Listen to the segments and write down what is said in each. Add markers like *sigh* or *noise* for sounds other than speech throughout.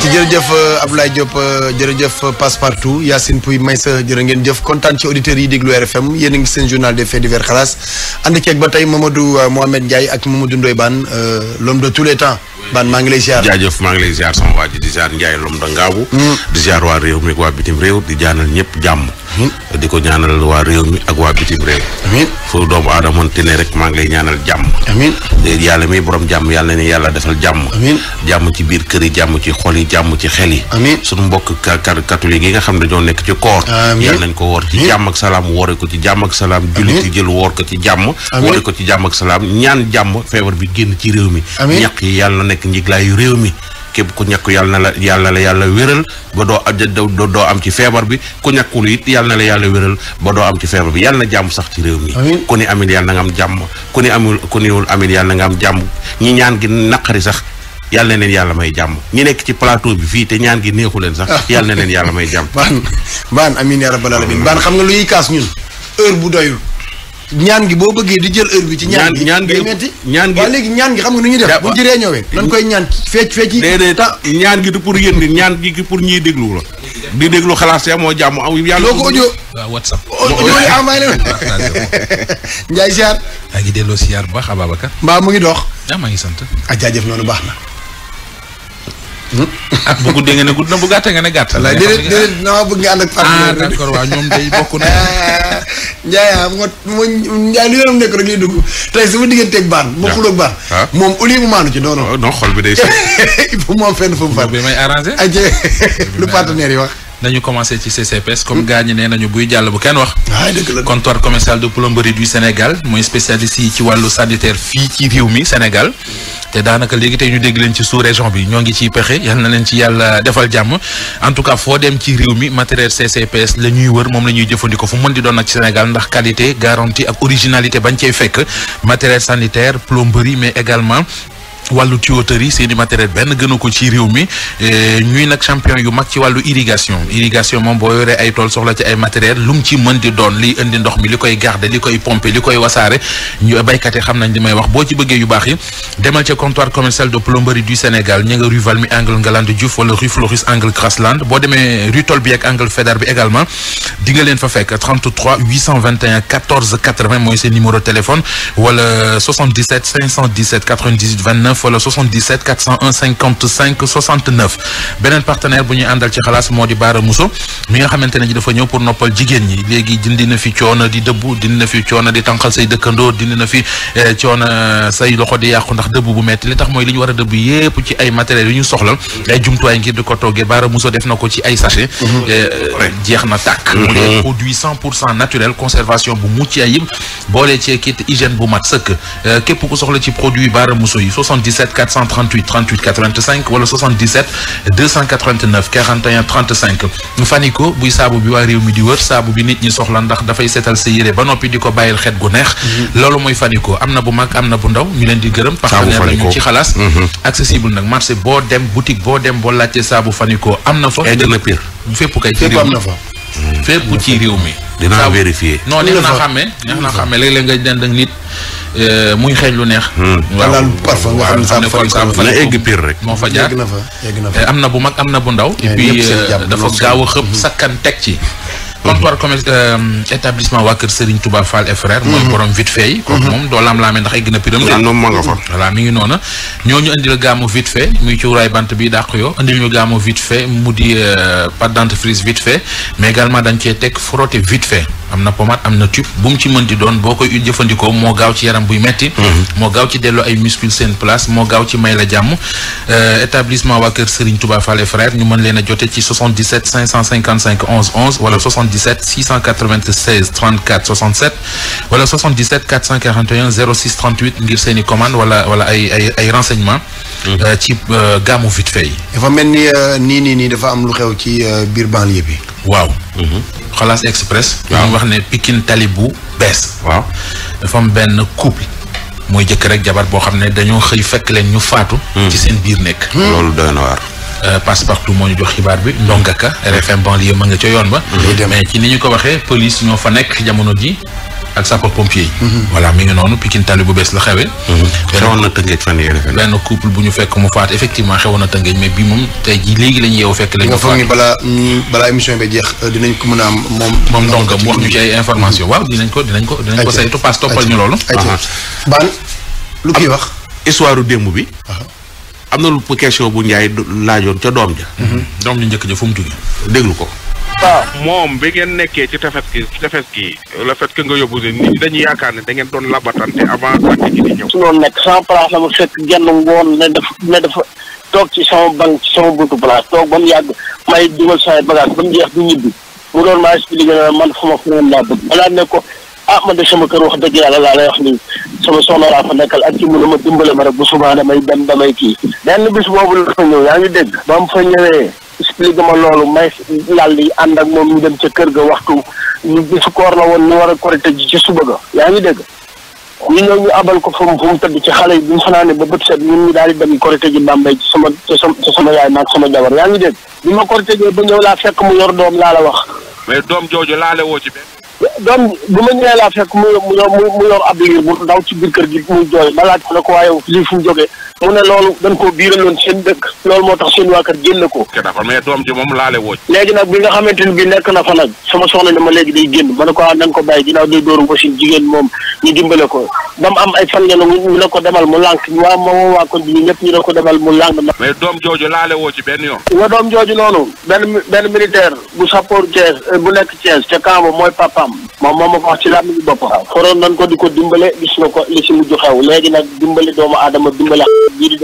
ci jërëjëf euh, Abdoulaye Diop euh, jërëjëf euh, passe partout Yacine Pouy Maysa jërë ngeen jëf kontaan ci auditeurs yi déglu RFM yéen a ngi seen journal des faits divers xalaas ànd ba tey Mamadou Mohamed Ndiaye ak Mamadou Ndoye Bane l'homme de tous les temps ban maa ngi lay ziar jaajëf maa ngi lay ziar sama waa ji di ziar hmm. ñëpp jàmm hmm. di ko ñaanal waa réew mi ak waa bitim réew amiin fu doomu aadama te ne rek maa ngi lay ñaanal jàmm amiin yàlla mi borom jàmm yàlla ne yàlla defal jàmm amiin jàmm ci biir kër yi jàmm ci xol yi jàmm ci xel yi amiin suñu mbokk catholique yi nga xam ne ñoo nekk ci koor yàlla nañ ko woor ci jàmm ak salaam woore ko ci jàmm ak salaam jullit yi jël woor ko ci jàmm woore ko ci jàmm ak salaam ñaan jàmm feebar bi génn ci réew mi ñaq yi yàlla nekk njiglaayu réew mi képp ku ñàkk yàlla na la yàlla la yàlla wéral ba doo am ci feebar bi ku la ba doo am ci feebar bi yàlla na jàmm sax ci réew mi ku ni amin yàlla na nga am jàmm ku ni amul ku niwul amin yàlla na nga am jàmm ñi ñaan gi naqari sax yàlla na leen yàlla may jàmm ñi nekk ci plateau bi fii te ñaan gi neexu leen sax *laughs* yàlla na leen yàlla may jàmm baan baan amin ya rabbal baan xam nga lu kaas ñun heure bu doyul ñaan gi boo bëggee di jël heure ci ñaan gi ñaan gi metti ñaan gi waaw ñaan gi xam nga nu ñuy def bu ñu ci réñoowee dañ koy ñaan fecc fecc déedéet ñaan gi du pour yéen di ñaan gi pour ñuy déglu la di déglu xalaas see moo jàmm am yàlla loo ko audio waaw whatsapp audio yi envoyé leen Ndiaye siyaar maa ngi delloo siyaar bu baax Ababacar mbaa mu ngi dox ah, maa ngi sant a ah, jaajëf noonu baax na at bu guddee nga ne gudd na bu gàttee nga ne gàtt. wallaahi déedéet déedéet non bëgg nga ànd ak. ah d'accord waaw ñoom day *laughs* bokk na. Ah, ma ma Ndiaye li yoonam nekk rek lay dugg tey sama digganteeg baan. waaw ah. bokkul ak ah. moom au lieu mu maanu ci non non. Oh, xol bi day. *laughs* il faut mu am fenn fu mu far. lu partenaire yi wax. nañu commencé ci CCPS comme gaa ñi nee nañu buy jàll bu kenn wax. waaw ah, dëgg la comptoir commercial de plomberie du Sénégal mooy spécialiste yi ci wàllu sanitaire fii ci réew mi Sénégal. te daanaka léegi tey ñu dégg leen ci sous région bi ñoo ngi ciy pexe yal na leen ci yàlla defal jàmm en tout cas foo dem ci réew mi matériel CCPS la ñuy wër moom la ñuy jëfandikoo fu mën di doon nag ci Sénégal ndax qualité garantie ak originalité bañ cey fekk matériel sanitaire plomberie mais également. wàllu tuyauterie seen i matériel benn gënu ko ci réew mi eh, ñuy nag champion yu mag ci wàllu irrigation irrigation moom boo yoree ay tool soxla ci ay matériel lu mu ci mën di doon liy indi ndox mi li koy garder li koy pomper li koy wasaare ñu yi xam nañ li wax boo ci bëggee yu baax yi demal ca comptoir commercial de plomberie du Sénégal ña nga rue Valmy angle Ngalandou Diouf wala rue Floris angle Grasland boo demee rue Tolbi ak angle Faidherbe bi également 69 wala 77 401 55 69 beneen partenaire bu ñuy àndal ci xalaas moo di Baara Mousso mi nga xamante ne dafa ñëw pour noppal jigéen ñi léegi dindi na fi coono di dëbb dindi na fi coono di tànqal say dëkkandoo dindi na fi eh, coono say loxo di yàqu ndax dëbb bu metti li tax mooy li ñu war a dëbb yépp ci ay matériels yu ñu soxla ay jumtuwaay ngir di ko toggee Baara Mousso def na ko ci ay sachet mhm. eh, jeex na tàkk mhm. mu dee produit pour cent naturel conservation bu mucc ayib boolee ci kit bu mat sëkk eh, képp ku soxla ci produit 77 438 38 85 wala 77 289 41 35 Fanico buy saabu bi waa réew mi di wër saabu bi nit ñi soxla ndax dafay seetal sa yére ba noppi di ko bàyyil xet gu neex mhm. loolu mooy Fanico am na bu mag am na bu ndaw ñu leen di gërëm partenaire lañu ci xalaas mhm. accessible nag marché boo dem boutique boo dem boo laajte saabu Fanico am na fa fépp kay ci réew mi fépp ci réew mi dinaa vérifier non neex Euh, muy xeeñ lu neex. Hmm. waaw parfum nga xam ne kon saabu na egg pire rek. moo fa jaar euh, am na bu mag am na bu ndaw. et puis euh, dafa gaaw a xëpp hmm. sakkan teg ci. Hmm. comptoir commerce établissement waa kër Serigne Touba Fall et frère. mooy borom vite fait. kooku moom doo laam-laamee ndax egg na piram. ah moom ma nga fa. voilà mi ngi noonu ñooñu indil gaamu vite fait muy cuuraay bant bi dàq yoo indil ñu gaamu vite fait mu di pâte dentifrice vite fait mais également dañ cee teg frotté vite am na pommade am na tube bu mu ci mën di doon boo koy jëfandikoo moo gaaw ci yaram buy metti mhm. moo gaaw ci delloo ay muscles seen place moo gaaw ci may la jàmm euh, établissement waa kër Serigne Touba Fall frère ñu mën leen a jote ci 77 555 11 11 wala 77 696 34 67 wala 77 441 06 38 ngir seen i commande wala wala ay ay ay renseignement mhm. euh, ci euh, gaamu vite fait yi dafa mel ni nii nii nii dafa am lu xew ci biir banlieue bi waaw. Mhm. xalaas express. waaw wax ne Pikine tali bu bees. waaw dafa am benn couple. mooy jëkk rek jabar boo xam ne dañoo xëy fekk leen ñu faatu. Mhm. ci seen biir nekk. Hmm. loolu doy na waar. Euh, passe partout moo ñu jox xibaar bi ndongaka RFM banlieue ma nga ca yoon ba. Mhm. mais ci ni ñu ko waxee police ñoo fa nekk jamono ji ak sapeur pompier yi. Mhm. voilà mi ngi noonu Pikine tali bu bees la xewee. Mhm. xewoon na tëngeej fan yéen a benn couple bu ñu fekk mu faat effectivement xewoon na tëngeej mais bi moom tey jii léegi lañ yeewu fekk. lañ ñu faat nga émission bi jeex euh, dinañ ko mën a am moom. moom donc mu wax ñu ci ay information mhm. waaw dinañ ko dinañ ko dinañ ko toppal ñu loolu. baan lu kii wax. histoire démb bi. am na lu question bu Ndiaye laajoon ca doom ja. doom ju njëkk ja fu mu jógee déglu ko. moom bi ngeen nekkee ci tefes gi tefes gi la fait que nga yóbbu si nit ñi dañuy yaakaar ne da ngeen doon labatante avant sànq ji di ñëw. su loolu nekk sama place la ma fekk genn ngoon ne dafa ne dafa toog ci sama banque ci sama buntu place toog ba mu yàgg may dugal ba jeex du ñibbi mu doon maa expliqué man fu ma feneen balaa ne ko ah man de sama kër wax dëgg yàlla laa la wax nii sama soxna laa fa nekkal ak ci ma dimbale ma rek bu subaa damay dem damay kii benn bis boobu la fa ñëw yaa ngi dégg ba mu fa ñëwee expliqué ma loolu may yàlla yi ànd ak moom ñu dem ca kër ga waxtu ñu bisu koor la woon ñu war a korite ji ci suba ga yaa ngi dégg ñu ñëw ñu abal ko fu mu fu mu tëdd ci xale yi bi mu fanaane ba bët set ñun ñu daal di dem korite ji Bambey ci sama ci sama yaay maag sama jabar yaa ngi dégg bi ma korite jee ba ñëw laa fekk mu yor doom laa la wax mais doom jooju laale woo ci benn doom du ma ñëwee laa fekk mu yor mu yor ab liir bu ndaw ci biir kër gi muy jooy ma laaj ko ko waaye lii fu mu jógee mu ne loolu dañ koo biiraloon seen dëkk loolu moo tax seen waa kër génn ko te dafa mais woo léegi nag bi nga xamante ni bi nekk na fa nag sama soxna ne ma léegi day génn ma ne ko ah, nañ ko bàyyi ginnaaw day dóoru ko jigéen moom ñu dimbale ko ba am ay fan ngeen ne ko demal mu lànk waa ma woo waa kon bi ñëpp ñu ne ko demal mu lànk na mais doom jooju laale ci benn yoon wa doom jooju noonu benn benn militaire bu sappoor Thiès euh, bu nekk Thiès ca Kamba mooy papaam moom moo ma ko wax ci làmmiñu boppam foroon ko di ko dimbale gis na ko li si mujj xew léegi nag dimbale doomu aadama dimbale ñi di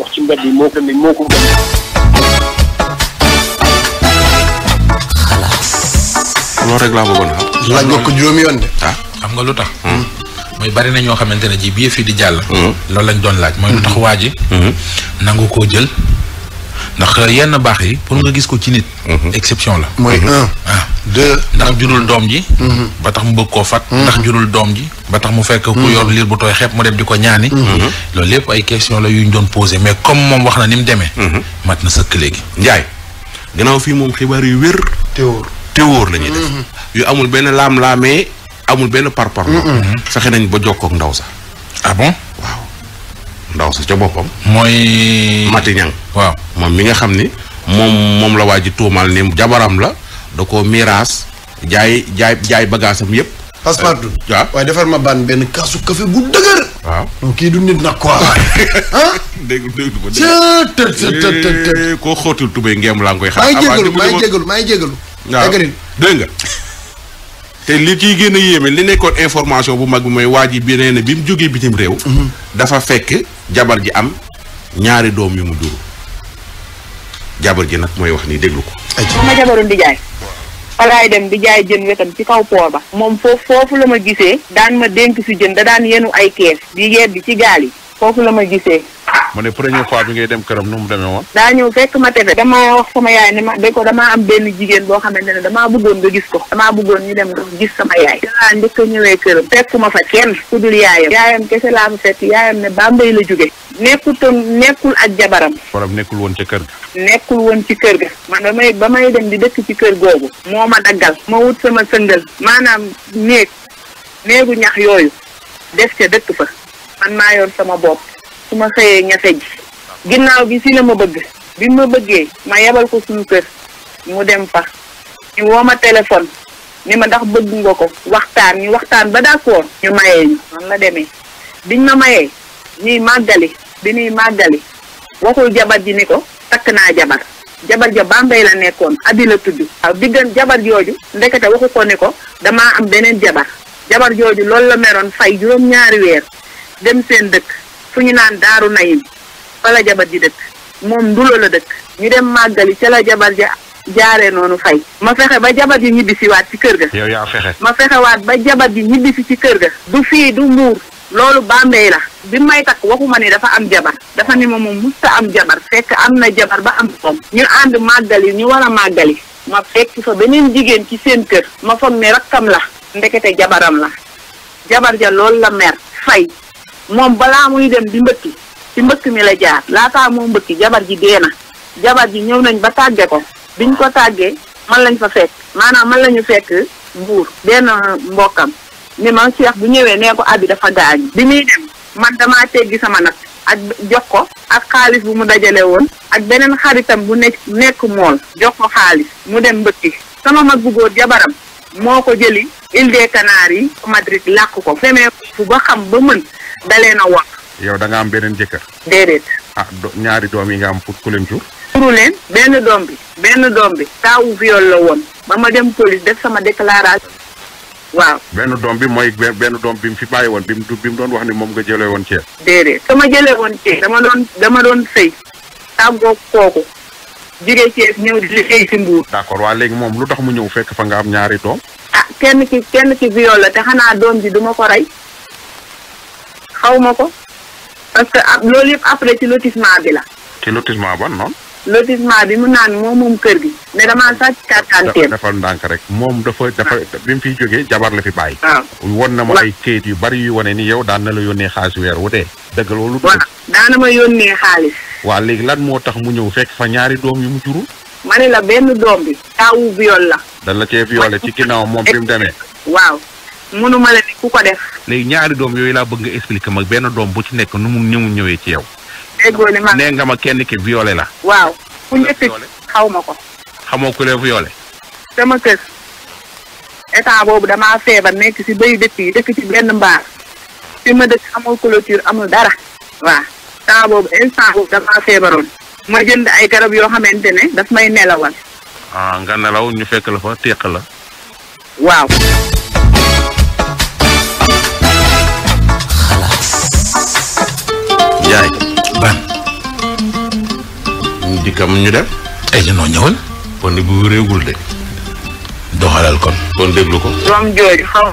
moo ko moo ko gën loolu rek laa bëggoon xam. laaj juróomi yoon de. Ah. xam nga lu tax. Hmm. mooy bari na ñoo xamante ne ji bii fii di jàll. Hmm. loolu lañ doon laaj mooy lu tax hmm. waa ji. nangu koo jël. ndax euh, yenn baax yi pour nga gis ko ci nit. exception la. mooy un ah. deux ndax jurul doom ji. ba tax mu bëgg koo fat. ndax jurul doom ji. ba tax mu fekk ku yoon liir bu tooy xepp mu dem di ko ñaani. loolu lépp ay question la yu ñu doon posé mais comme moom wax na ni mu demee. mat na sëkk léegi. Ndiaye gannaaw fii moom xibaar yu wér. te wóor mhm. yu amul benn laam-laamee amul benn parpar. Mhm. fexe nañ ba jokkoog ndaw sa. ah bon waaw. boppam. mooy. Mati Ñang waaw moom mi nga xam ni. moom moom la waa ji tuumaal ni jabaram la. da koo miiraas jaay jaay jaay bagaasam yëpp. Passepartout waaw waaye defar ma baan benn kaasu kafe bu dëgër. waaw kii du nit nag quoi. *laughs* dégg dégg ko dégg eh, eh, koo xóotul tubéy ngeem laa ngi koy. xaar avant maa ngi jégalu maa ngi jégalu maa ngi jégalu. dégg nga. te li ci gën a yéeme li nekkoon information bu mag bi mooy waa ji bi nee na bi mu jógee bitim réew. Mhm. dafa fekk jabar ji am ñaari doom yu mu juru jabar ji nag mooy wax nii déglu ko. sama jabaru ndijaay fa laay dem di jaay jën wetam ci kaw poor ba moom foofu la ma gisee daan ma denk si jën da daan yenu ay kees di yebbi ci gaal yi foofu la ma gisee. ma ne première fois bi ngay dem këram nu mu demee woon. daa ñëw fekk ma tebe. damaa wax sama yaay ne ma de ko dama am benn jigéen boo xamante ne damaa bëggoon nga gis ko. damaa bëggoon ñu dem gis sama yaay. dinaa njëkk a ñëwee këram. fekk ma fa kenn ku dul yaayam. yaayam kese laa fa fekk yaayam ne Bambey la jóge nekkutoon nekkul ak jabaram. borom nekkul woon ca kër ga. nekkul woon ci kër ga. man ba may ba may dem di dëkk ci kër googu. moo ma daggal. ma wut sama sëngal. maanaam néeg ñax yooyu def ca dëkk fa man maa sama bopp su ma xëyee ñafe ji ginnaaw bi si la ma bëgg bi ma bëggee ma yebal ko suñu kër mu dem fa ñu woo ma téléphone ni ma ndax bëgg nga ko waxtaan ñu waxtaan ba d'accord ñu mayee ñu man la demee biñ ma mayee ñuy màggali bi ñuy màggali waxul jabar ji ni ko takk naa jabar jabar ja Bambey la nekkoon abi la tudd waaw diggan jabar jooju ndekete waxu ko ni ko damaa am beneen jabar jabar jooju loolu la meroon fay juróom-ñaari weer dem seen dëkk fu ñu naan daaru nayim fa la jabar ji dëkk moom ndulo la dëkk ñu dem màggali ca la jabar ji jaaree noonu fay ma fexe ba jabar ji ñibbisi ci kër ga yow ma fexe ba jabar ji ñibbisi ci kër ga du fii du mbuur loolu Bambey la bi may takk waxuma ni dafa am jabar dafa ni ma moom musta am jabar fekk am na jabar ba am doom ñu ànd màggali ñu war a màggali ma fekki fa beneen jigéen ci seen kër ma foog ne rakkam la ndekete jabaram la jabar ja loolu la mer fay moom balaa muy dem di mbëkki ci mbëkk mi la jaar laataa moo mbëkki jabar ji dee na jabar ji ñëw nañ ba tàggee ko biñ ko tàggee man lañ fa fekk maanaam man lañu fekk buur benn mbokkam ni ma Cheikh bu ñëwee nee ko abi dafa gaañu bi muy dem man damaa teggi sama nag ak jox ko ak xaalis bu mu dajale woon ak beneen xaritam bu nekk nekk mool jox ko xaalis mu dem mbëkki sama mag bu góor jabaram moo ko jëli île des Canaries Madrid làkk ko demee fu ba xam ba mën dalee na wax yow danga nga am beneen jëkkër déedéet ah ñaari doom yi nga am pour ku leen jur juru leen benn doom benn doom bi taawu viol la woon ba ma dem police def sama déclaration waaw benn doom bi mooy benn doom bi mu fi bàyyi woon bi mu bi mu doon wax ni moom nga jëlee woon Thiès déedéet sama jële woon Thiès dama doon dama doon sëy tàggoo kooku jógee Thiès ñëw di liggéey si Mbuur d'accord waa léegi moom lu tax mu ñëw fekk fa nga am ñaari doom ah kenn ki kenn ki viol la te xanaa doom ji duma ko rey xaw ko parce loolu yëpp après ci lotissement bi la. ci lotissement ban noonu. lotissement bi mu naan moom moom kër gi. mais damaa sàcc kàttanteem. dafa rek moom dafa dafa ah. bi mu fiy jógee jabar la fi bàyyi. Ah. won na ma ay kayit yu bari yu wone ni yow daan la yónnee xaalis weer wutee. dëgg loolu. voilà daan ma yónnee xaalis. waa léegi lan moo tax mu ñëw fekk fa ñaari doom yu mu juru. ma ne la benn doom bi. taawu viol la. dañ la cee violé ci ginnaaw moom bi mu demee. waaw mënuma la ni ku ko def. léegi ñaari doom yooyu laa bëgg nga expliquer ma benn doom bu ci nekk nu mu ni mu ñëwee ci yow. déggoo li nga ma kenn ki violé la. waaw ku njëkk xaw ma ko. xamoo ku lee violé. sama kër état boobu damaa feebar nekk ci béyu dëkk yi dëkk ci benn mbaar fi ma dëkk amul clôture amul dara. waaw temps boobu instant boobu damaa feebaroon. ma jënd ay garab yoo xamante ne daf may nelawal. ah nga nelaw ñu fekk la fa téq la. waaw. xalaas. Njaay. ban. dikkam ñu def ay la noo ñëwal. pon bu réegul de. doxalal ko. doom jooju xaw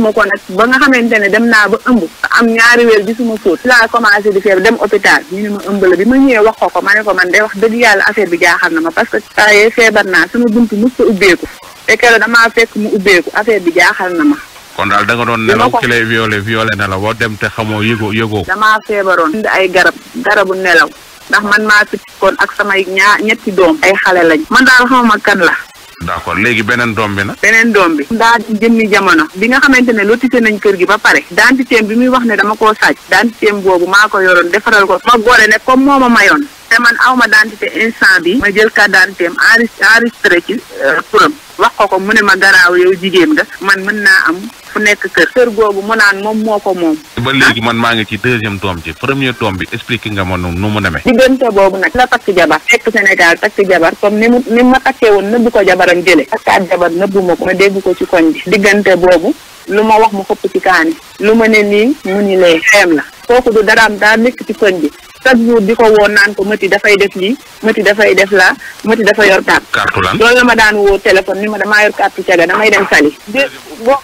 ma ko nag ba nga xamante ne dem naa ba ëmb. ñaari weer gisuma fóot. ci laa commencé di feebar dem hôpital ñu ne ma ëmb la wax ko ko ma ne ko man wax dëgg yàlla affaire bi jaaxal na ma parce que saa feebar naa sama bunt damaa fekk mu ubbeeku affaire bi jaaxal na ma. kon daal da doon nelaw ki lay violé violé boo dem te xamoo yëgoo yëgoo. damaa feebaroon. indi ay garab garabu nelaw. ndax man maa ak samay ñaar ñetti doom. ay xale lañ. man daal xamuma kan la. d'accord léegi beneen doom bi nag. beneen doom bi daa jëmmi jamono bi nga xamante ne lotissé nañ kër gi ba pare dantitéem bi muy wax ne dama koo sàcc dantitéem googu maa ko yoroon defaral ko ma gore ne comme moo ma mayoon te man aw ma dentité instant bi ma jël carte d'identité am enregistré ci euh, turam wax ko ko mu ne ma garaaw yow jigéen nga man mën naa am fu nekk kër kër googu mu naan moom moo ko moom ba léegi man maa ngi ci deuxième doom ci premier doom bi expliqué nga ma noonu nu mu demee diggante boobu nag la takk jabar fekk Sénégal takk jabar comme ni mu ni ma takkee woon nëbbu ko jabaram jële takkaat jabar nëbbu ma ko ma dégg ko ci koñ bi diggante boobu lu ma wax mu xëpp ci kaani lu ma ne nii mu ni lee xeem la kooku du daraam daa nekk ci koñ bi chaque jour di ko woo naan ko mëti dafay def lii mëti dafay def laa mëti dafa yor carte carte lan loolu la ma daan woo téléphone ni ma damaa yor carte caga damay dem sali bo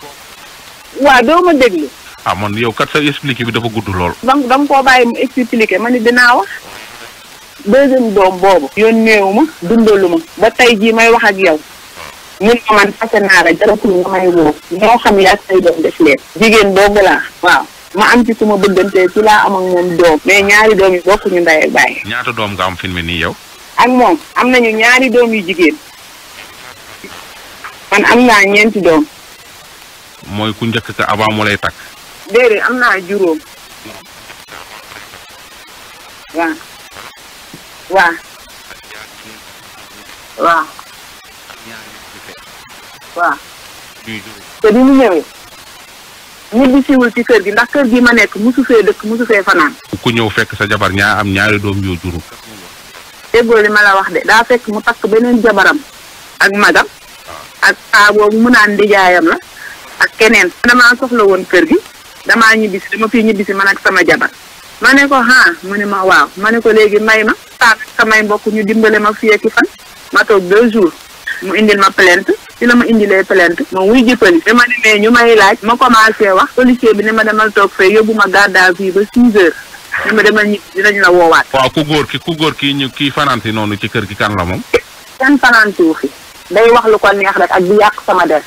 waaw doo ma déglu ah man yow sa expliqué bi dafa gudd lool donc dama koo bàyyi mu expliqué ma ni dinaa wax deuxième doom boobu yónneewu ma dundalu ma ba tey jii may wax ak yow ñun ma man naa la xam yaa say doom def leen jigéen boobu laa waaw ma am ci ma bëggantee ci laa am ak moom doom mais ñaari doom yi bokk ñu ndey baay ñaata doom nga am fi mu nii yow ak moom am nañu ñaari doom yu jigéen man am naa ñeenti doom mooy ku njëkk ka avant mu lay takk déedéet am naa juróom waa waa waa waaw. te bi mu ñëwee. ñibbi siwul ci kër gi ndax kër gi ma nekk musu fee dëkk musu fee fanaan. ku ñëw fekk sa jabar ñaa am ñaari doom yoo juru. déggoo li ma la wax de daa fekk mu takk beneen jabaram. ak magam. Ah. ak saa mu naan ndijaayam la. ak keneen. damaa soxla woon kër gi. damaa ñibbisi dama fi ñibbisi man ak sama jabar. ma ne ko ah mu ne ma waaw ma ne ko léegi may ma. saa samay mbokk ñu dimbale ma fii ak fan. ma toog deux jours. mu indil ma plainte. ci la ma indilee plainte ma wuy ji police bi ma demee ñu may laaj ma commencé wax policier bi ne ma demal toog fee yóbbu ma garde à vue ba six heures ni ma demal ñibbi dinañ la woowaat. waaw ku góor ki ku góor ki ñu kii fanaan noonu ci kër gi kan la moom. kenn fanaan fi day wax lu ko neex rek ak di yàq sama der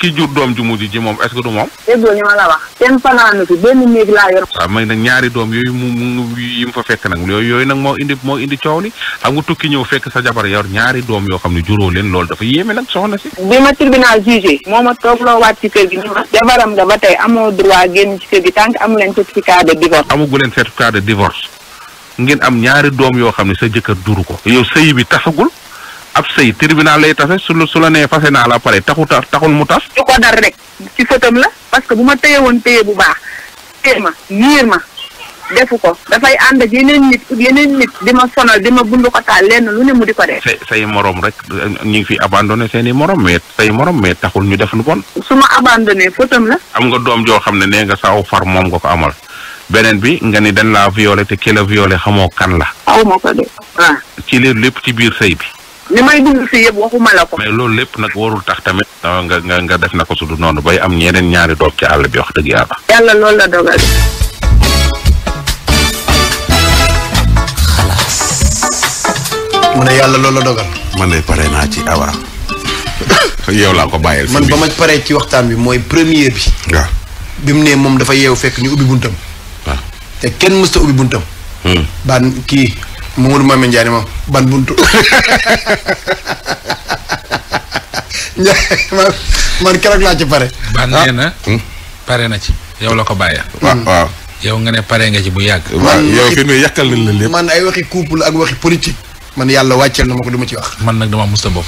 ki jur doom ju ji moom est du moom. déggoo ñu ma la wax. kenn fanaan benn néeg laa yor. waaw ah, may nag ñaari doom yooyu mu yi mu nag yooyu yooyu nag moo indi moo indi coow ni xam fekk sa jabar yor ñaari doom yoo xam ne juróo leen loolu dafa yéeme nag soxna si. bi ma tribunal jugé. moo ma toog loo waat ci kër gi ni ma. jabaram nga ba tey amoo droit génn ci kër gi tant que amu leen doom yoo xam ne sa jëkkër juru ko. yow sëy bi tasagul ab sëy tribunal lay tase su la su la nee fase naa la pare taxu ta taxul mu tas. su ko dar rek ci fëtam la parce que bu ma téye woon téye bu baax téye ma defu ko dafay ànd ak yeneen nit yeneen nit di ma sonal di ma bund lenn lu ne mu di ko def. say moroom rek ñu ngi fi abandonné seen i morom mais say morom mais taxul ñu def lu bon. su ma abandonné fëtam la. am nga doom joo xam ne nee nga saw far moom nga ko amal. beneen bi nga ni dan laa violé te ki la xamoo kan la. ko de. ci li lépp ci biir sëy bi. li may dund fii yëpp waxuma ko. mais loolu lépp nag warul tax tamit. Ah, nga nga def na ko su du noonu bay am ñeneen ñaari doom ci àll bi wax dëgg yàlla. yàlla loolu la dogal. mu ne yàlla loolu dogal. man de pare naa ci awa. *coughs* yow laa ko bàyyil. man ba ma paree ci waxtaan bi mooy première bi. waaw bi mu ne moom dafa yeew fekk ñu ubbi buntam. waaw te kenn mësta ubbi buntam. Hmm. baan kii. Mamadou Mame Ndiaye moom ban buntu *laughs* man man keroog laa ci pare. ban ah. nee na hmm? pare na ci yow la ko bàyyee. waaw waaw. yow nga ne pare nga ci bu yàgg. waaw yow fi nuy yàqal nañ la lépp. man ay waxi couple ak waxi politique. man yàlla wàcceel na ma ko du ma ci wax. man nag dama mus a bokk.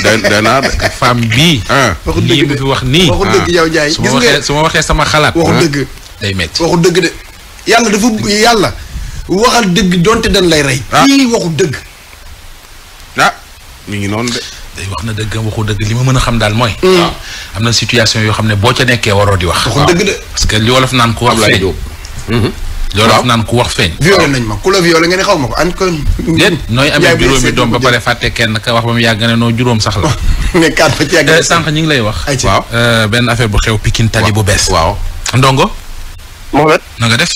*laughs* da naa de. femme bii. Ah. waxu dëgg mu fi wax nii. waxu dëgg ah. yow Ndiaye gis nga su ma waxee sama xalaat. waxu dëgg day waxu dëgg de. yàlla dafa yàlla. waxal dëgg donte dan lay rey. lii ah. waxu dëgg. ah mi ngi noonu de. wax na dëgg waxu dëgg li ma mën a xam daal mooy. waaw hmm. ah, am na situation yoo xam ne boo ca nekkee waroo di wax. waxu dëgg de. parce que li olof naan ku wax feeñ. Mhm. li wolof naan ku wax feeñ. violé nañ ma ku la violé nga ne xaw ma ko an kon. déet nooy amee juróomi doom ba pare fàtte kenn ka wax mu yàgg ne noo juróom sax la. mais *laughs* kaat ba eh, sànq ñu ngi lay wax. waaw eh, benn affaire bu xew Pikine tali bu bees. waaw Ndongo. Mohamed def.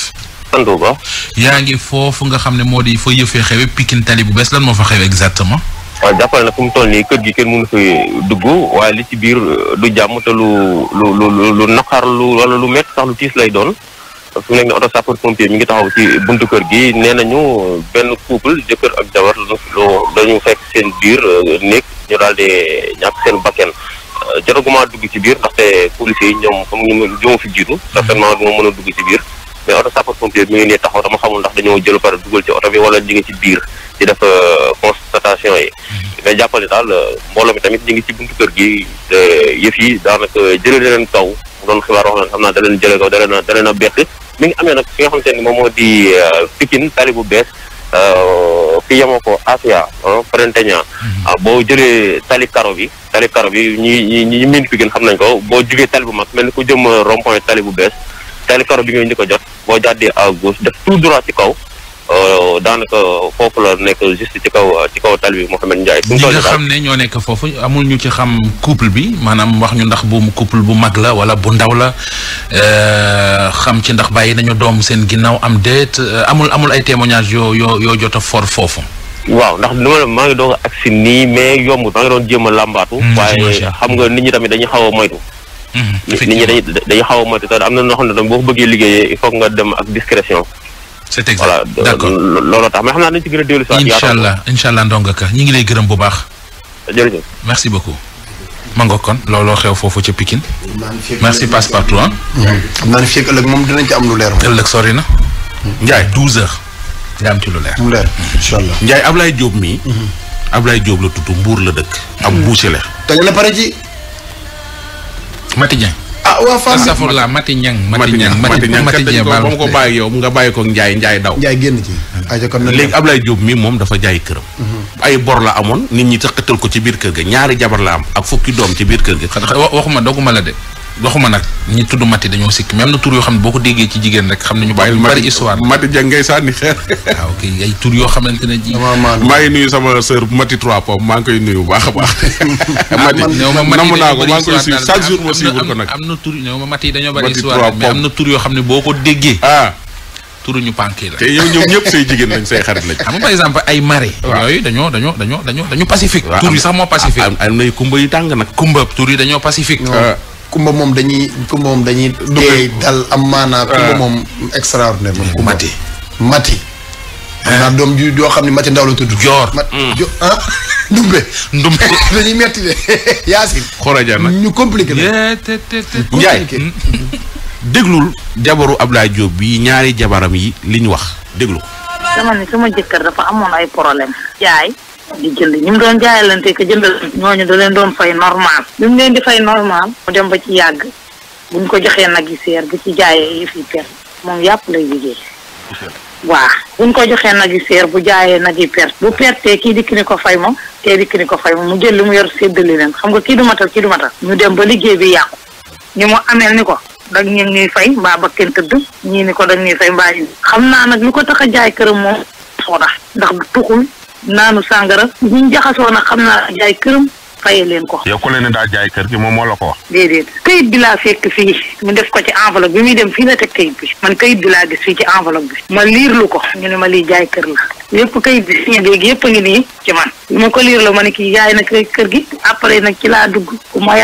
Nduba. yaa ngi foofu nga xam ne moo di fa yëfee xewe Pikine tali bu bees lan moo fa xewe exactement. waaw jàppale na fu mu toll nii kër gi kenn mënu fi dugg waaye li ci biir euh, du jàmm te lu lu lu lu naqar lu wala lu métti sax lu tiis lay doon fu mu nekk nii oto sapeur pompier mi ngi taxaw ci buntu kër gi nee nañu benn couple jëkkër ak jabar lu dañu fekk seen biir euh, néeg ñu daal di ñàkk seen bakken euh, maa dugg ci biir ndaxte policiers yi ñoom comme ñu ma fi jiitu certainement mën a dugg ci biir. mais oto sapeur pompier mi ngi nii taxaw dama xamul ndax dañoo jël pare dugal ci oto bi wala ñu ngi ci biir di def euh, constatation yi mm-hmm. mais jàppale daal euh, mbooloo mi tamit ñu ngi ci buntu kër gi yëf yi daanaka jëlee na leen kaw mu doon xibaar xam naa da leen da leen a a bett mi ngi amee nag fi nga xamante ni moom moo di euh, Pikine tali bu bees fi yemoo ko Asia Prenteña mm-hmm. ah, boo jëlee tali karo bi tali karo bi ñi ñu ñi miin Pikine xam nañ ko boo jugee tali bu mag mel ni ku jëm rond-point tali bu bees teel karo bi ngay njëkk a jot boo jàddee à gauche def tout droit ci kaw euh, daanaka foofu la nekk juste ci kaw ci kaw tali bi Mouhamed Ndiaye. ñi nga xam ne ñoo nekk foofu amul ñu ci xam couple bi maanaam wax ñu ndax bu couple bu mag la wala bu ndaw la euh, xam ci ndax bàyyi nañu doom seen ginnaaw am déet euh, amul amul ay témoignages yoo yoo yoo jot a for foofu. waaw ndax nu ma maa ngi doon agsi nii mais yomb maa ngi doon jéem a làmbaatu. Hmm, waaye xam nga nit ñi tamit dañuy xaw a moytu. nit ñi dañuy dañuy xaw a moytu te am na loo xam ne tam boo ko bëggee liggéeyee il faut nga dem ak discrétion. d'accord looloo tax mais xam naa dañu ci gën a déglu. si waat ndongo ka ñu ngi lay gërëm bu baax. merci beaucoup. ma looloo xew foofu ca Pikine. merci passe partout ah. xam mm-hmm. naa ne ëllëg moom dinañ ci am lu leer. ëllëg sori na. Mm-hmm. Ndiaye 12 heures. nga am ci lu leer. lu leer mm-hmm. incha allah Ndiaye Ablaye Diop mii. Ablaye Diop la tudd Mbour la dëkk. am buuse la. te la Mati Ndiang. ah waa Fass astafurlah Mati Ndiang. Mati Ndiang Mati Ndiang kat dañu ko ba mu ko bàyyi yow nga bàyyi ko Ndiaye Ndiaye daw. Ndiaye génn ci. ayca kon nag léegi Ablaye Diop mii moom dafa jaay këram. Mhm. ay bor la amoon nit ñi tëqatal ko ci biir kër gi ñaari jabar la am ak fukki doom ci biir kër ga. waxuma doguma la de. waxuma nag ñi tudd Mati dañoo sikk na tur yoo xam ne boo ko déggee ci jigéen rek xam nañu bari bari histoire ah, ne ji maa ngi nuyu sama sœur Mati trois pommes ma am na tur yoo xam ne boo ko déggee ah turuñu pànk yi la te yow xarit lañ xam par exemple ay maré yooyu dañoo dañoo dañoo dañoo pacifique tur yi sax moo pacifique am nay kumba yu tàng nag kumba tur yi dañoo pacifique ah. kumba moom dañuy kumba moom dañuy. tey eh. dal am maanaa. Ah. kumba moom extraordinaire moom. mati mati. Eh. doom ju xam ne mati ndaw la tudd. joor mat mm. jo ah. *laughs* ndumbe ndumbe *laughs* dañuy metti de *laughs* yaasin. xoraja ñu compliqué la. Ndiaye déglul jabaru Abdoulaye Diop bi ñaari jabaram yi li ñu wax déglu ko. dama jëkkër dafa amoon ay problème jaay di jënd ñi mu doon jaayalante ko jëndal ñooñu da leen doon fay normal bi mu leen di fay normal mu dem ba ci yàgg buñ ko joxee nag yi seer bu ci jaayee yëf yi moom yàpp lay liggéey waa buñ ko joxee nag yi seer bu jaayee nag yi perte bu pertee kii dikk ni ko fay ma kii dikk ni ko fay ma mu jël li mu yor séddale leen xam nga kii du matal kii du matal ñu dem ba liggéey bi yàqu ñu mu ameel ni ko dag ñu ñuy fay mbaa ba kenn tëdd ñii ni ko dag ñuy fay mbaa xam naa nag lu ko tax a jaay këram moom sooda ndax tuxul naanu sàngara ñun jaxasoo nag xam naa jaay këram faye leen ko. yow ku leen daa jaay kër moom moo la ko wax. déedéet kayit laa fekk fii mu def ko ci enveloppe bi muy dem fii la teg man kayit bi laa gis fii ci enveloppe bi ma ko ñu ne ma lii jaay kër la lépp kayit bi signé yëpp ngi nii ci man ma ko liir la ma ne kii jaay na kër gi après nag ci laa dugg ku ma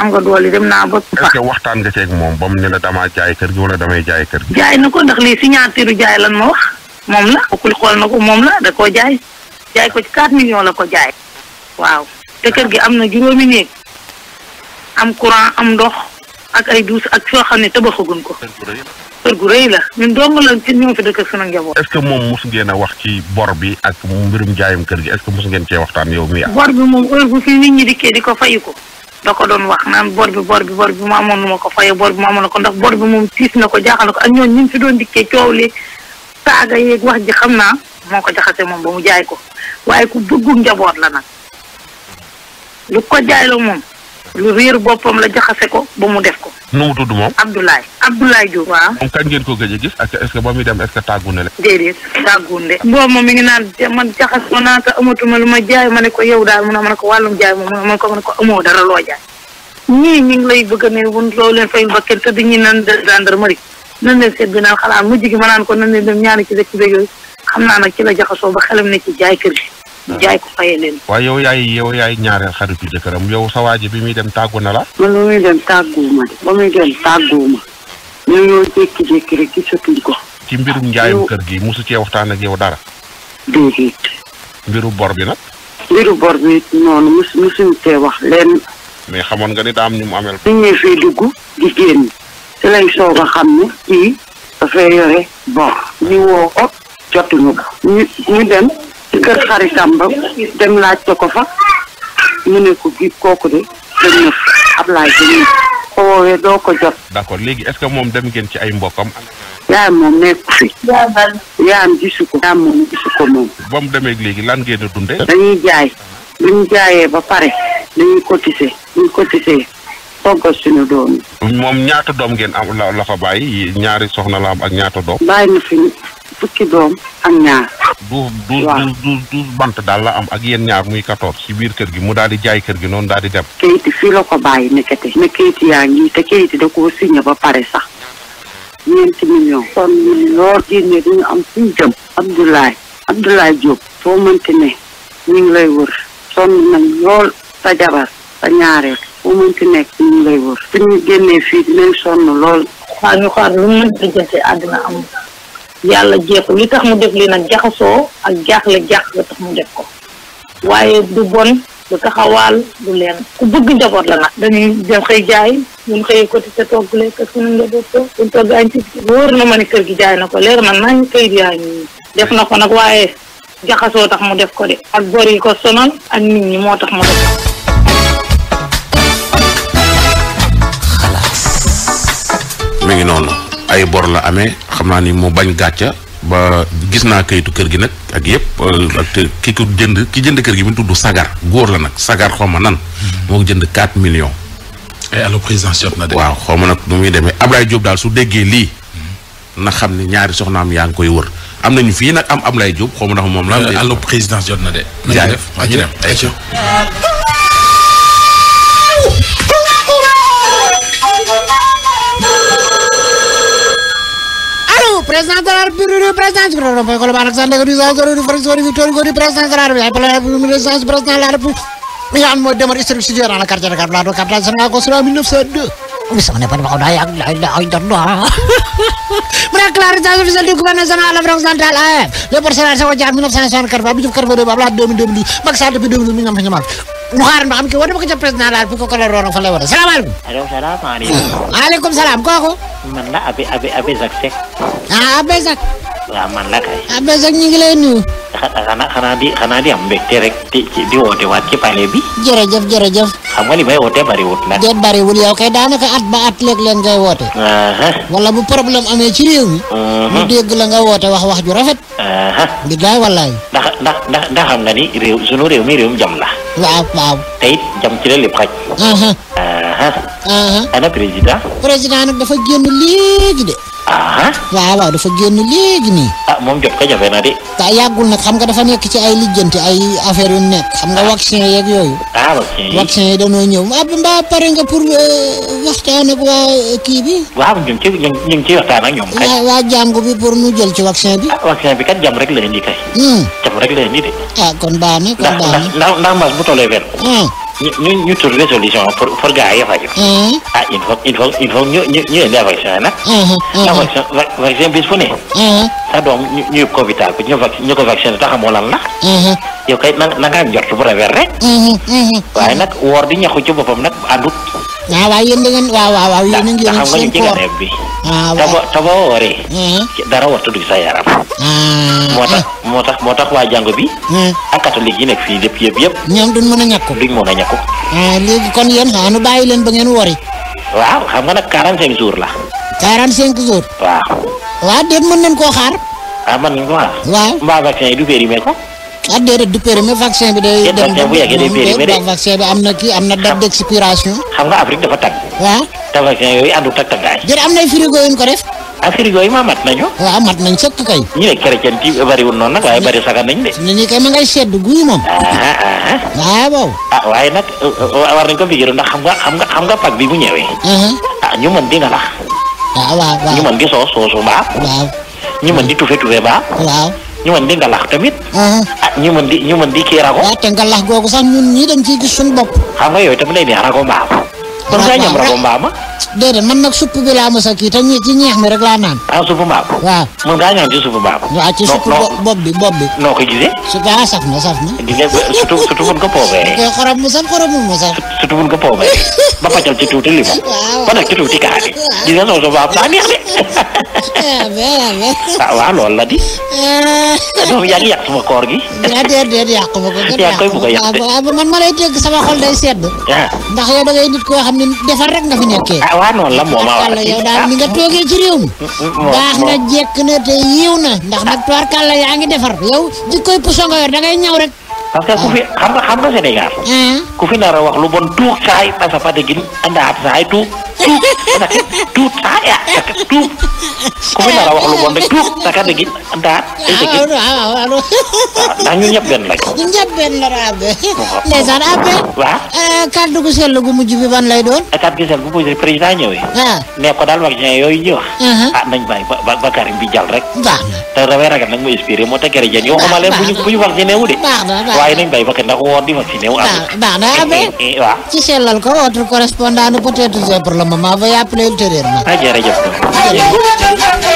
am nga doole dem naa ba. est-ce moom ba mu ne la damaa jaay kër gi wala damay jaay kër gi. jaay na ko ndax lii signature jaay lan ma wax moom la. kooku xool na ko moom la da jaay. jaay ko ci 4 millions la ko jaay waaw te kër gi am na juróomi néeg am courant am ndox ak ay douche ak soo xam ne tabaxaguñ ko. kër gu rëy la ñun dong la ci ñoo fi dëkk ak sunu njaboot. est-ce que moom mos ngeen a wax ci bor bi ak mbirum jaayum kër gi est-ce que mos ngeen cee waxtaan yow mi bor bi moom heure bu fi nit ñi dikkee di ko fayu ko da doon wax naan bor bi bor bi bor bi mu amoon nu ma ko fayee bor bi mu amoon na ko ndax bor bi moom tiis na ko jaaxal ko ak ñoon ñu fi doon dikkee coow li saaga wax ji xam naa. moo ko jaxase moom ba mu jaay ko waaye ku bëggu njaboot la nag lu ko jaay la moom lu réer boppam la jaxase ko ba mu def ko. nu mu tudd moom. Abdoulaye Abdoulaye Diouf waaw. moom kañ ngeen ko gëj gis ak ba muy dem est-ce de. boobu moom mi ngi naan man jaxase ko naan ko amatuma lu ma jaay ma ne ko yow daal mu ne ma ne ko wàllum jaay moom ma ne ko ma ne ko amoo dara loo jaay. ñii ñu ngi lay bëgg a ne loo leen fayul ba kenn te du naan gendarmerie nan leen seet bi naan ma naan ko nan leen dem ñaari xam naa a ci la jaxasoo ba xelam ne ci jaay kër gi. Ah. jaay ko fayee leen. waaw yow yaay yow yaay ñaareel xaritu jëkkëram yow sa waa ji bi muy dem taagu na la. man ba muy dem tàgguwuma de ba muy dem tàgguwuma. ñoo jékki-jékki rek gisatuñ ko. ci mbirum njaayum kër gi mosu cee waxtaan ak yow dara. déedéet. mbiru bor bi nag. mbiru bor noonu mos mosuñ cee wax leen. mais xamoon nga ni daam am mu ameel. nit ñi fii dugg di lay soog xam ne kii dafay yore bor. ñu woo ko jotuñu ko mu ñu dem ci kër xaritam ba dem laajte ko fa ñu ne ko gi kooku de dañ na Ablaye doo ko jot d'accord léegi est-ce que moom dem ngeen ci ay mbokkam yaayam moom nekku fi yaayam gisu ko moom gisu ko demee léegi lan ngeen a dunde dañuy jaay duñu jaayee ba pare dañuy cotiser duñu cotiser toggal suñu doom moom ñaata doom ngeen am la la fa ñaari soxna la am ak ñaata doom bàyyi na fi fukki doom ak ñaar. douze douze douze bant daal la am ak yéen ñaar muy quatorze. ci biir kër gi mu daal di jaay kër gi noonu daal di dem. kayiti fii la ko bàyyi nekkati. ne kayiti yaa ngi te kayiti da koo signé ba pare sax. ñeenti million. kon lool génne du ñu am suñu jëm. Abdoulaye Abdoulaye ngi lay wër. sonn lool sa jabar sa ñaareel. foo mënti nekk ñu ngi lay wër. suñu génnee fii dinañ sonn lool. waaw ñu xaar lu mu mënti jël ci yàlla jeexu li tax mu def li nag jaxasoo ak jaaxle jaaxle tax mu def ko waaye du bon du taxawaal du leen ku bëgg njaboot la nag dañuy dem xëy jaay ñun xëy ko sa togg lekk ak suñu njaboot ko buñ togg añ ci wóor na ma ne kër gi jaay na ko leer na naa ñu kayit yaa ñu def na ko nag waaye jaxasoo tax mu def ko de ak bor yi ko sonal ak nit ñi moo tax mu def ko mi ngi noonu ay bor la amee xam naa ni mu bañ gàcca ba gis naa kayitu kër gi nag ak yëpp euh, ak ki ko jënd ki jënd kër gi mu tudd Sagar góor la nag Sagar xaw ma nan. moo jënd 4 million et alors président na de. waaw xaw ma nag nu muy demee Ablaye Diop daal su déggee lii. Hmm. na xam ne ñaari soxnaam yaa ngi koy wër am nañu fii nag am Ablaye Diop xaw ma ndax moom la. Euh, allo président jot na de. jaajëf ñu dem président de la République président ci président mooy Colobane ak Sandaga du Sao Goro du Francfort Victor Hugo du président de la République ay plan résidence président de la République mi nga xam mooy démar historique situé dans le quartier de Kaplan Kaplan Sénégal construit en 1902 oui sama ne Fatou Ndiaye ak ay ay Dondora mu nekk la résidence officielle du gouverneur général de France centrale AF le personnel sa ko jaar 1964 ba bu jëf kër fa ba la 2002 Macky Sall depuis 2000 mi nga xam mu xaaral ma xam ki woote ba ko ca président daal bu ko ko la roon fa lay woote salaamaaleykum. allo salaamaaleykum. maaleykum salaam kooku. man la Abe Abe Abe Zak Seck. ah Abe Zak. man la kay. Abe Zak ñu ngi lay nuyu. xanaa xanaa di xanaa di am mbégte rek di di woote waat ci palais bi. jërëjëf jërëjëf. xam nga li may woote bariwul la déet bariwul yow kay daanaka at ba at léeg-léeg ngay woote. wala bu problème amee ci réew mi. mu mhm. dégg la nga woote wax wax ju rafet. di daay wallaay. ndax ndax ndax ndax xam nga ni réew sunu réew mi réewum jam la. waaw waaw. te jam ci la lépp xaj. ah. ana président. président nag dafa génn léegi de. ah. waaw waaw dafa génn léegi nii. ah moom jot ko jafe na de. daa yàggul nag xam nga dafa nekk ci ay lijjanti ay affaire yu nekk xam nga ah. vaccin yeeg yooyu. ah vaccin yi vaccin yi dañoo ñëw ah mbaa pare nga pour euh, waxtaan ak waa euh, kii bi. waaw ñu ngi ci ñu ngi ci waxtaan ak ñoom. bi pour nu jël ci vaccin bi. ah bi kat jàmm rek la indi kay. Hmm. jàmm rek la indi de. Ah, kon baax na kon baax na ndax ndax bu tollee ñu ñu ñu tur résolution pour pour gars yi faju mm-hmm. a ah, il faut il faut il faut ñu ñu ñu indi vaccin nag. ndax mm-hmm. mm-hmm. ah, vaccin vaccin bis fu ne. sa doom ñu ñu ko vital ko ñu vaccin ñu ko vaccin ta xamoo lan la. yow kay na na ngaa njort bu rafet rek. waaye nag woor di ñaxu ci boppam nag àndut. ah waaw yéen da ngeen waaw waaw waaw yéen a ngi yéen seen dugg sa yaram. moo tax moo tax moo tax waa jàngo bi. ak catholique yi nekk fii lépp yëpp yëpp. ñoom duñ mën a ñàkku. duñ mën a ñàkku. léegi kon yéen ah nu bàyyi leen ba ngeen woori. waaw xam nga nag 45 jours la. 45 jours. waaw. waaw déet mën nañ koo xaar. ah mën nañ ko xaar. waaw yi du ko. ah déedéet du périmé vaccin bi day. dem ba vaccin bi am na kii am na date d'expiration. xam nga Afrique dafa tàgg. waaw te vaccin yooyu àndut ak tàggaay. jërëjëf am nay frigo yu ñu ko def. ah frigo yi ma mat nañu. waaw mat nañ sëkk kay. ñu ne chrétien ci bariwul noonu nag waaye bari sax nañ de. nit ñi kay ma ngay sedd guy moom. Ah, ah, ah. waaw waaw. ah waaye nag euh, euh, war nañ ko fi jëloon ndax xam nga xam nga xam nga pàcc bi bu ñëwee. Uh-huh. ah ñu mën di nga lax. waaw waaw waaw ñu mën di soos soosu baax. waaw ñu mën di tufe tufe baax. waaw ñu mën di nga lax tamit. Uh-huh. ñu mën di ñu mën di kii rago. waaw te googu sax ñun ñii bopp. xam nga yooyu itam day neex rago mbaam. rago mbaam kon ngaa ñam rago mbaam déedéet man nag supp bi laa mos a kii a ñi ci ñeex mi rek laa naan. ah supp mbaam. waaw man ngaa ñaan ci supp mbaam. waaw ci supp bopp bi bopp bi. noo ko gisee. supp ah saf na saf na. dina surtout surtout buñ ko poobee. *laughs* koy xorom mu saf xoromul mu saf. surtout ko poobee ba pàccal ci tuuti limon. *laughs* waaw ba nag ci tuuti kaani. waaw gis nga soo mbaam daa neex de. *laughs* Ah, ah, ah waaw loolu la di. donc ah. yaa ngi yàq sama koor gi. ah déedéet ko. yaa koy bu ko yàq de man ma lay dégg sama xol day sedd. ndax yow da ngay nit koo xam ne defar rek nga fi nekkee. ah waaw la moom a wax yow daal ni nga toogee ci réew mi. Mm, mm, baax na jekk na te yiw na ndax nag tubarkàlla yaa ngi defar yow jikkoy puso nga yor da ngay ñaw rek. parce que ku fi xam nga xam nga Sénégal. Ah. ku fi nar a wax lu bon tuug sahay ɓasa pategin a hat sahay tuug tuug sakit tuug saya sakat tuug ah, ku fi nar a wax lu bon rek tuug saka tegin anda hat tegin waaw waaw ndax ñu ñëpp benn lañ ñu ñëpp benn la rabbe ndeysaan abbe waaw eh, kaddu gu sell gu mujj bi ban lay doon eh, kaddu gu sell bu mujj ah. yooyu ñu wax uh-huh. ah nañ bàyyi bi jàll rek baax na te a ragal nag mu inspiré moo te gere jeen yoo xama leen bu ñu vacciné wu de waaye nañ bàyyi ba ndax woon di vacciné wu amul mais Abe. waaw eh, eh, ci sellal ko votre correspondant peut-être pour le moment veuillez appeler ultérieurement. jërëjëf.